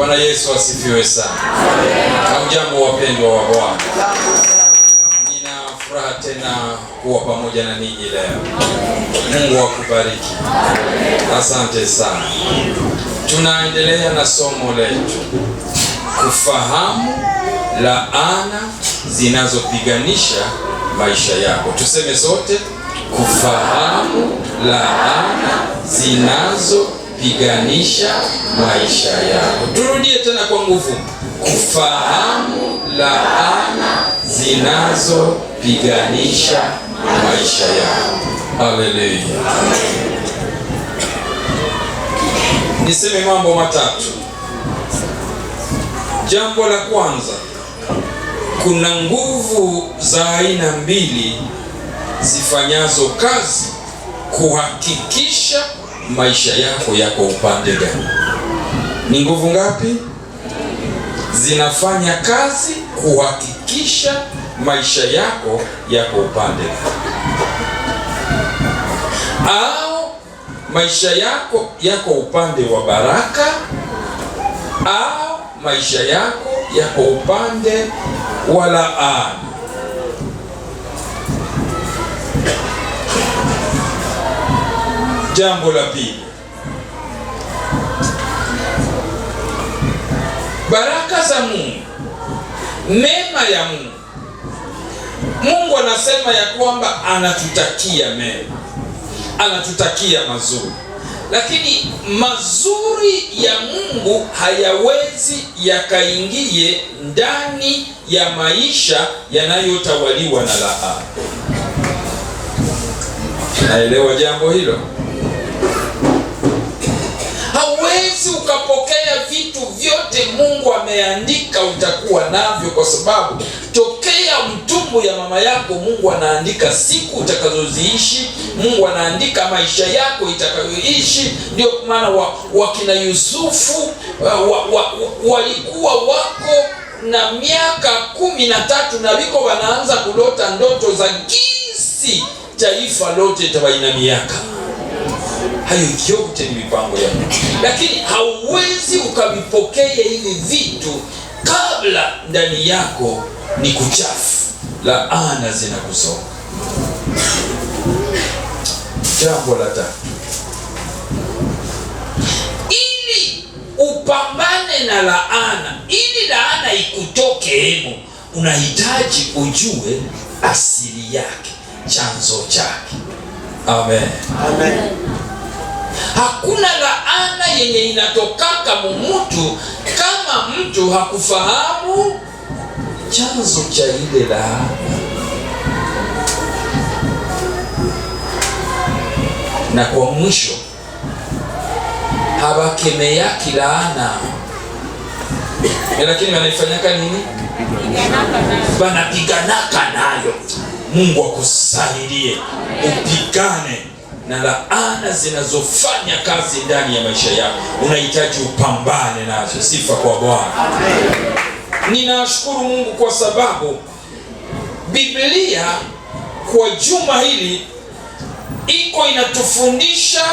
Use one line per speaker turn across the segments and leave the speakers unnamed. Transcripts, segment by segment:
Bwana Yesu asifiwe sana. Hamjambo wapendwa wa Bwana, nina furaha tena kuwa pamoja na ninyi leo. Mungu akubariki, asante sana. Tunaendelea na somo letu kufahamu laana zinazopiganisha maisha yako. Tuseme sote, kufahamu laana zinazo kupiganisha maisha yako. Turudie tena kwa nguvu, kufahamu laana zinazopiganisha maisha yako. Haleluya! Niseme mambo matatu. Jambo la kwanza, kuna nguvu za aina mbili zifanyazo kazi kuhakikisha maisha yako yako upande gani? Ni nguvu ngapi zinafanya kazi kuhakikisha maisha yako yako upande gani? Au maisha yako yako upande wa baraka, au maisha yako yako upande wa laana? Jambo la pili, baraka za Mungu, mema ya Mungu. Mungu anasema ya kwamba anatutakia mema, anatutakia mazuri, lakini mazuri ya Mungu hayawezi yakaingie ndani ya maisha yanayotawaliwa na laana. Naelewa jambo hilo. vitu vyote Mungu ameandika utakuwa navyo, kwa sababu tokea mtumbu ya mama yako Mungu anaandika siku utakazoziishi. Mungu anaandika maisha yako itakayoishi. Ndio maana wakina wa Yusufu walikuwa wa, wa, wa wako na miaka kumi na tatu na viko wanaanza kulota ndoto za kisi taifa lote tawaina miaka hayo yote ni mipango ya Mungu, lakini hauwezi ukavipokea hivi vitu kabla ndani yako ni kuchafu, laana zinakusoka. Jambo la tatu, ili upambane na laana, ili laana ikutoke, hebu unahitaji ujue asili yake, chanzo chake. Amen, amen. Hakuna laana yenye inatokaka mumutu kama mtu hakufahamu chanzo cha ile laana. Na kwa mwisho hawakemeaki laana, lakini wanaifanyaka nini? Wanapiganaka nayo. Mungu akusaidie upigane na laana zinazofanya kazi ndani ya maisha yako, unahitaji upambane nazo. Sifa kwa Bwana. Ninashukuru Mungu kwa sababu Biblia kwa juma hili iko inatufundisha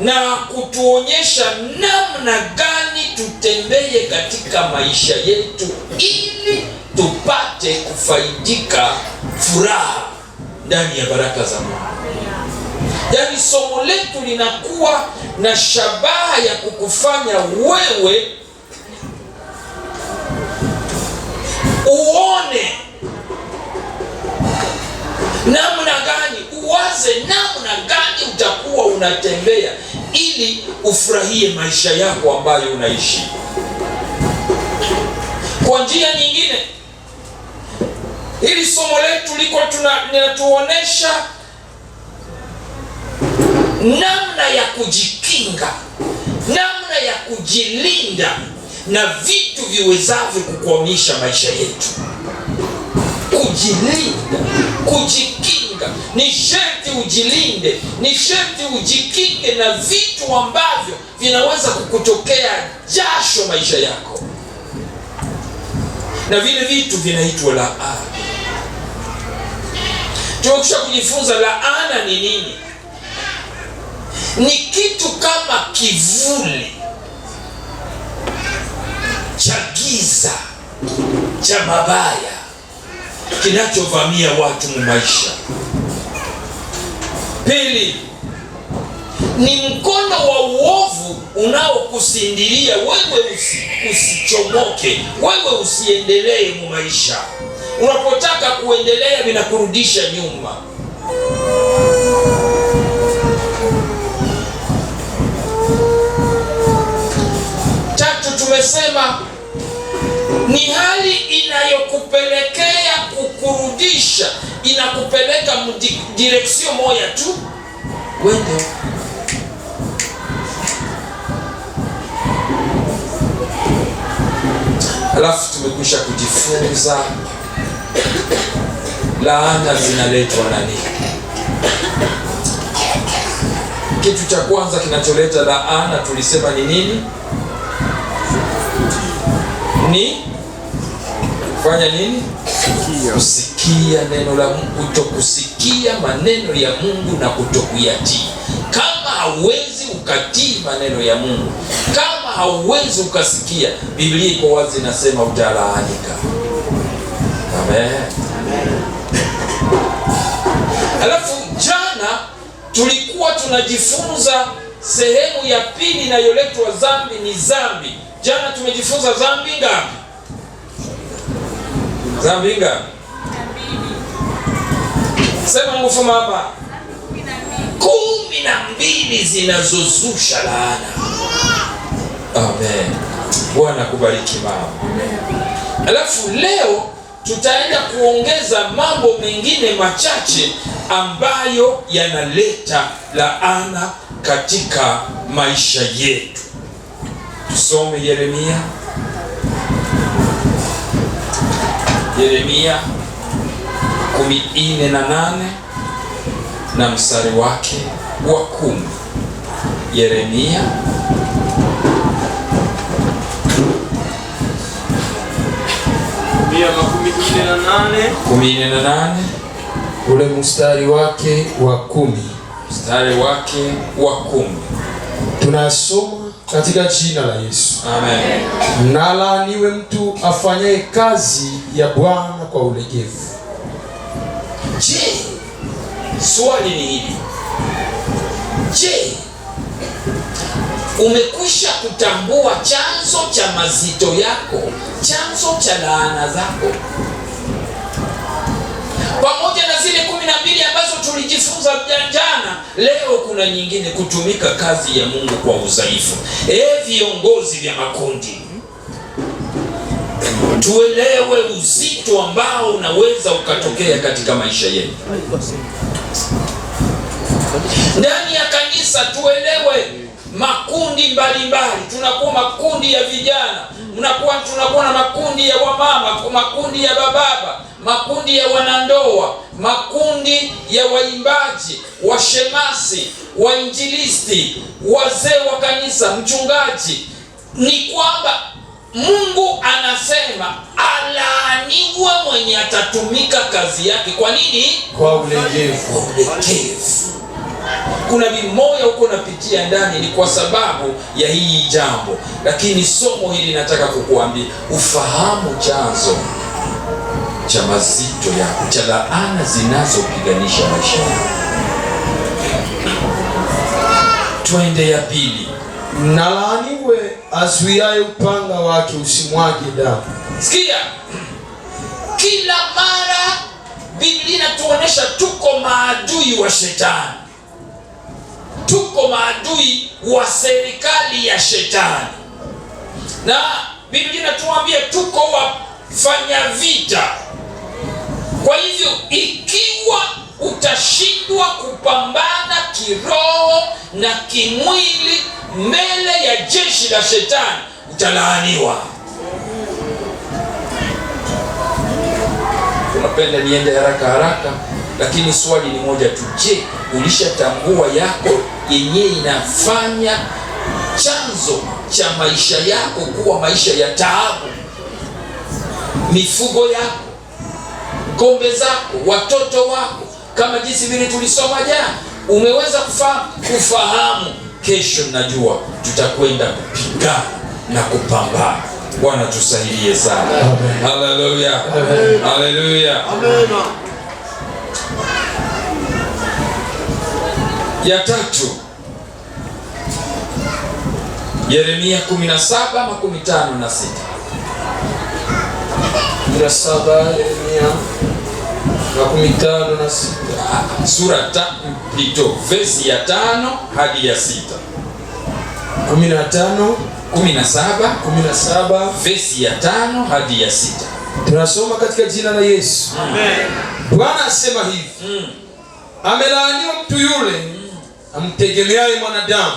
na kutuonyesha namna gani tutembee katika maisha yetu ili tupate kufaidika furaha ndani ya baraka za Mungu. Yaani somo letu linakuwa na shabaha ya kukufanya wewe uone namna gani, uwaze namna gani utakuwa unatembea ili ufurahie maisha yako ambayo unaishi. Kwa njia nyingine, hili somo letu liko linatuonesha namna ya kujikinga, namna ya kujilinda na vitu viwezavyo kukwamisha maisha yetu. Kujilinda, kujikinga, ni sharti ujilinde, ni sharti ujikinge na vitu ambavyo vinaweza kukutokea jasho maisha yako, na vile vitu vinaitwa laana. Tumekusha kujifunza laana ni nini ni kitu kama kivuli cha giza cha mabaya kinachovamia watu mu maisha. Pili ni mkono wa uovu unaokusindilia wewe usi, usichomoke wewe usiendelee mu maisha. Unapotaka kuendelea, vinakurudisha nyuma. amesema ni hali inayokupelekea kukurudisha, inakupeleka direksio moja tu wende. Alafu tumekwisha kujifunza laana zinaletwa na Kitu cha kwanza kinacholeta laana tulisema ni nini? ni kufanya nini? Kusikia neno la Mungu. Kutokusikia maneno ya Mungu na kutokuyatii. Kama hauwezi ukatii maneno ya Mungu, kama hauwezi ukasikia, Biblia iko wazi inasema utalaanika. Amen. Alafu jana tulikuwa tunajifunza sehemu ya pili inayoletwa zambi ni zambi Jana tumejifunza dhambi ngapi? Dhambi ngapi? Sema ngufuma hapa, kumi na mbili zinazozusha laana. Amen. Bwana kubariki mama. Alafu leo tutaenda kuongeza mambo mengine machache ambayo yanaleta laana katika maisha yetu. Tusome Yeremia, Yeremia kumi nne na nane na mstari wake wa kumi. Yeremia
kumi nne na
nane ule mstari wake wa kumi, mstari wake wa kumi tunasoma katika jina la Yesu. Amen. Na mtu afanyaye kazi ya Bwana kwa ulegevu. Je, swali ni hili. Je, umekwisha kutambua chanzo cha mazito yako, chanzo cha laana zako? pamoja na zile kumi na mbili ambazo tulijifunza jana, leo kuna nyingine, kutumika kazi ya Mungu kwa udhaifu. E, viongozi vya makundi tuelewe uzito ambao unaweza ukatokea katika maisha yetu. Ndani ya kanisa tuelewe makundi mbalimbali, tunakuwa makundi ya vijana, mnakuwa tunakuwa na makundi ya wamama, makundi ya bababa makundi ya wanandoa, makundi ya waimbaji, washemasi, wainjilisti, wazee wa kanisa, mchungaji, ni kwamba Mungu anasema alaaniwe mwenye atatumika kazi yake. Kwa nini?
Kwa ulegevu.
Kuna vimoya huko napitia ndani, ni kwa sababu ya hii jambo, lakini somo hili nataka kukuambia ufahamu chanzo cha mazito yako cha laana zinazopiganisha maisha yako. Twende ya pili. Na laaniwe azuiaye upanga wake usimwage damu. Sikia, kila mara Biblia inatuonesha tuko maadui wa shetani, tuko maadui wa serikali ya shetani, na Biblia inatuambia tuko wafanya vita kwa hivyo ikiwa utashindwa kupambana kiroho na kimwili mbele ya jeshi la shetani utalaaniwa. Unapenda niende haraka haraka, lakini swali ni moja tu. Je, ulishatambua yako yenyewe inafanya chanzo cha maisha yako kuwa maisha ya taabu? Mifugo yako kombe zako, watoto wako, kama jinsi vile tulisoma jana. Umeweza kufahamu? Kufahamu. Kesho najua tutakwenda kupigana na kupambana. Bwana tusaidie sana. Haleluya, haleluya. Ya tatu, Yeremia 17 makumi tano na
makumi tano na
sura ta, ito vesi ya tano hadi ya sita kumi na tano kumi na saba kumi na saba vesi ya tano hadi ya sita tunasoma katika jina la Yesu Amen. Bwana asema hivi mm. Amelaaniwa mtu yule mm. amtegemeaye mwanadamu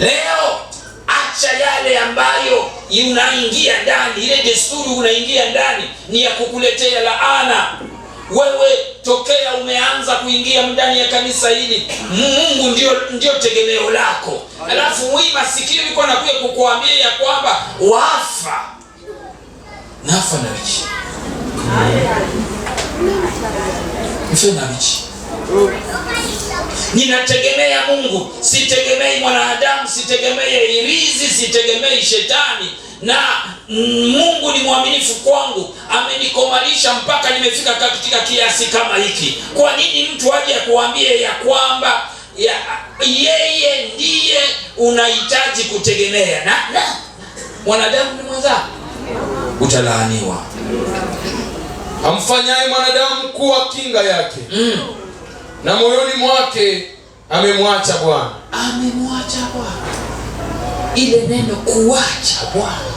leo, acha yale ambayo unaingia ndani, ile desturi unaingia ndani, ni ya kukuletea laana wewe. Tokea umeanza kuingia ndani ya kanisa hili, Mungu ndio ndio tegemeo lako, alafu mwi masikini alikuwa nakuja kukuambia ya kwamba wafa nafa na wichi mfe wichi Ninategemea Mungu, sitegemei mwanadamu, sitegemee irizi, sitegemei shetani na Mungu ni mwaminifu kwangu, amenikomarisha mpaka nimefika katika kiasi kama hiki. Kwa nini mtu aje akuambie ya kwamba ya, yeye ndiye unahitaji kutegemea? Na, na mwanadamu ni mwenza, utalaaniwa. Amfanyaye mwanadamu kuwa kinga yake mm na moyoni mwake amemwacha Bwana, amemwacha Bwana. Ile neno kuwacha Bwana,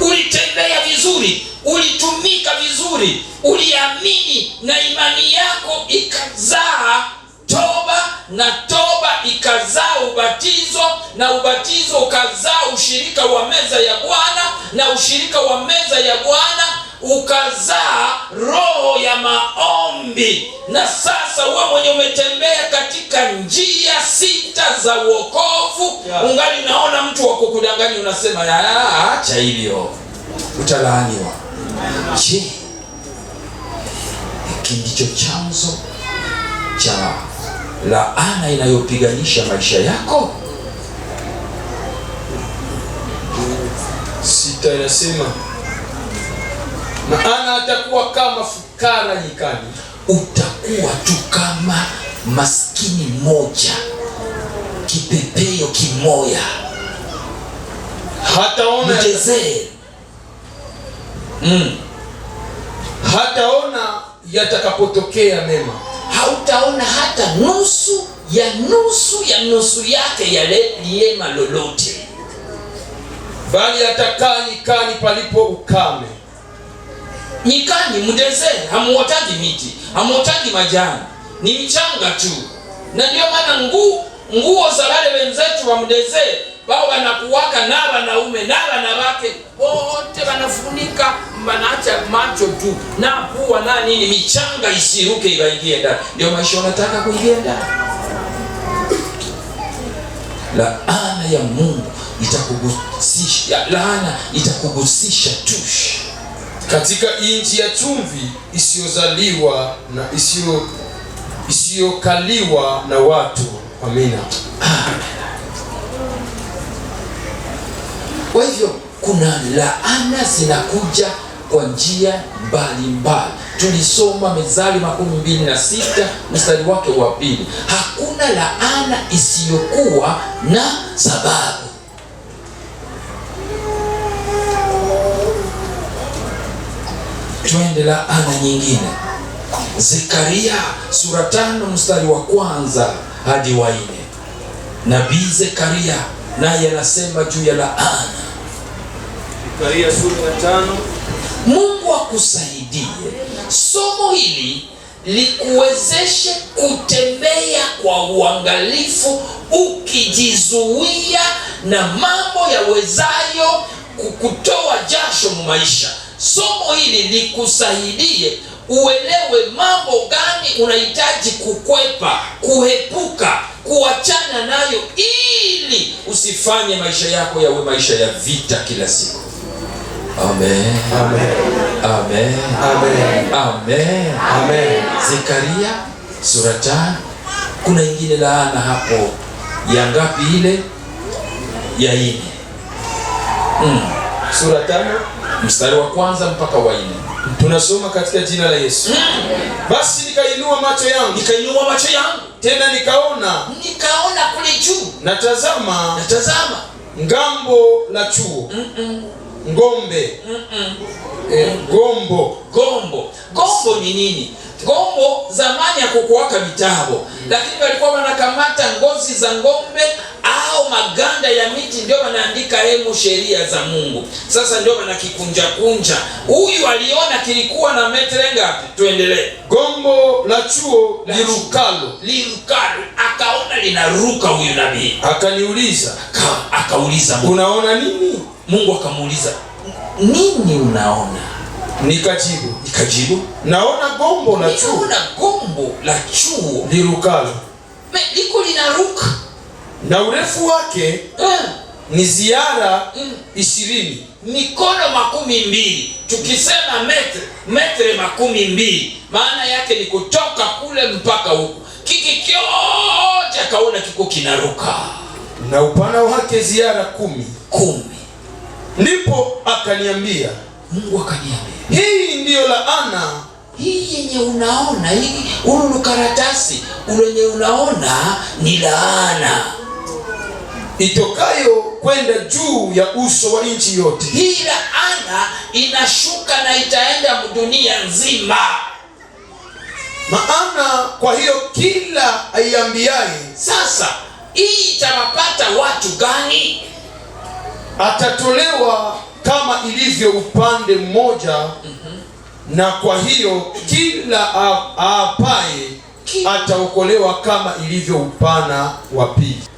ulitembea vizuri, ulitumika vizuri, uliamini na imani yako ikazaa toba na toba ikazaa ubatizo na ubatizo ukazaa ushirika wa meza ya Bwana na ushirika wa meza ya Bwana ukazaa roho ya maombi, na sasa uwe mwenye umetembea katika njia sita za uokovu yeah. Ungali naona mtu wa kukudanganya, unasema acha hivyo, utalaaniwa. Je, hiki ndicho chanzo cha laana inayopiganisha maisha yako? Sita inasema maana atakuwa kama fukara jikani, utakuwa tu kama maskini mmoja, kipepeo kimoya. Hataona mm. hataona yatakapotokea mema, hautaona hata nusu ya nusu ya nusu yake yale liema lolote, bali atakaa nyikani palipo ukame Nyikani mdezeni, hamuotaji miti, hamuotaji majani, ni mchanga tu. Na ndio maana ngu, nguo za wale wenzetu wa wao wanakuwaka na wanaume na wanawake wote wanafunika, wanaacha macho tu na kuwa na nini, michanga isiruke iwaingie ndani. Ndio maisha wanataka kuingia ndani. Laana ya Mungu itakugusisha, laana itakugusisha tu katika nchi ya chumvi isiyozaliwa na isiyo isiyokaliwa na watu. Amina. Kwa hivyo kuna laana zinakuja kwa njia mbalimbali. Tulisoma Mezali makumi mbili na sita mstari wake wa pili, hakuna laana isiyokuwa na sababu. twende ana nyingine. Zekaria sura tano mstari wa kwanza hadi wa nne. Nabii Zekaria naye anasema juu ya laana.
Zekaria sura ya tano.
Mungu akusaidie somo hili likuwezeshe kutembea kwa uangalifu ukijizuia na mambo yawezayo kukutoa jasho maisha somo hili likusaidie uelewe mambo gani unahitaji kukwepa, kuhepuka, kuachana nayo, ili usifanye maisha yako yawe maisha ya vita kila siku. Amen. Amen. Amen.
Amen.
Amen. Amen. Zekaria sura tano. Kuna ingine laana hapo ya ngapi? Ile ya nne. Mm. Sura tano mstari wa kwanza mpaka wa nne tunasoma katika jina la Yesu. Mm. Basi nikainua macho yangu, nikainua macho yangu tena nikaona, nikaona kule juu, natazama, natazama ngambo la chuo mm -mm ngombe E, gombo gombo gombo ni nini? Gombo zamani hakukuwaka vitabo mm. Lakini walikuwa wanakamata ngozi za ngombe au maganda ya miti, ndio wanaandika hemu sheria za Mungu. Sasa ndio wanakikunja kunja. Huyu aliona kilikuwa na metre ngapi? Tuendelee. Gombo la chuo lirukalo lirukalo, akaona linaruka huyu nabii, akaniuliza, akauliza unaona nini? Mungu akamuuliza nini unaona? Nikajibu nikajibu naona gombo la chuo, naona gombo la chuo lirukalo, liko linaruka na urefu wake mm. ni ziara mm. ishirini mikono makumi mbili. Tukisema metre metre makumi mbili, maana yake ni kutoka kule mpaka huku, kiki kyote akaona kiko kinaruka, na upana wake ziara kumi kumi Ndipo akaniambia, Mungu akaniambia, hii ndiyo laana hii yenye unaona hii, ulu karatasi ulenye unaona ni laana itokayo kwenda juu ya uso wa nchi yote. Hii laana inashuka na itaenda dunia nzima. Maana kwa hiyo kila aiambiaye sasa, hii itawapata watu gani? atatolewa kama ilivyo upande mmoja mm -hmm. na kwa hiyo kila aapaye ataokolewa kama ilivyo upana wa pili.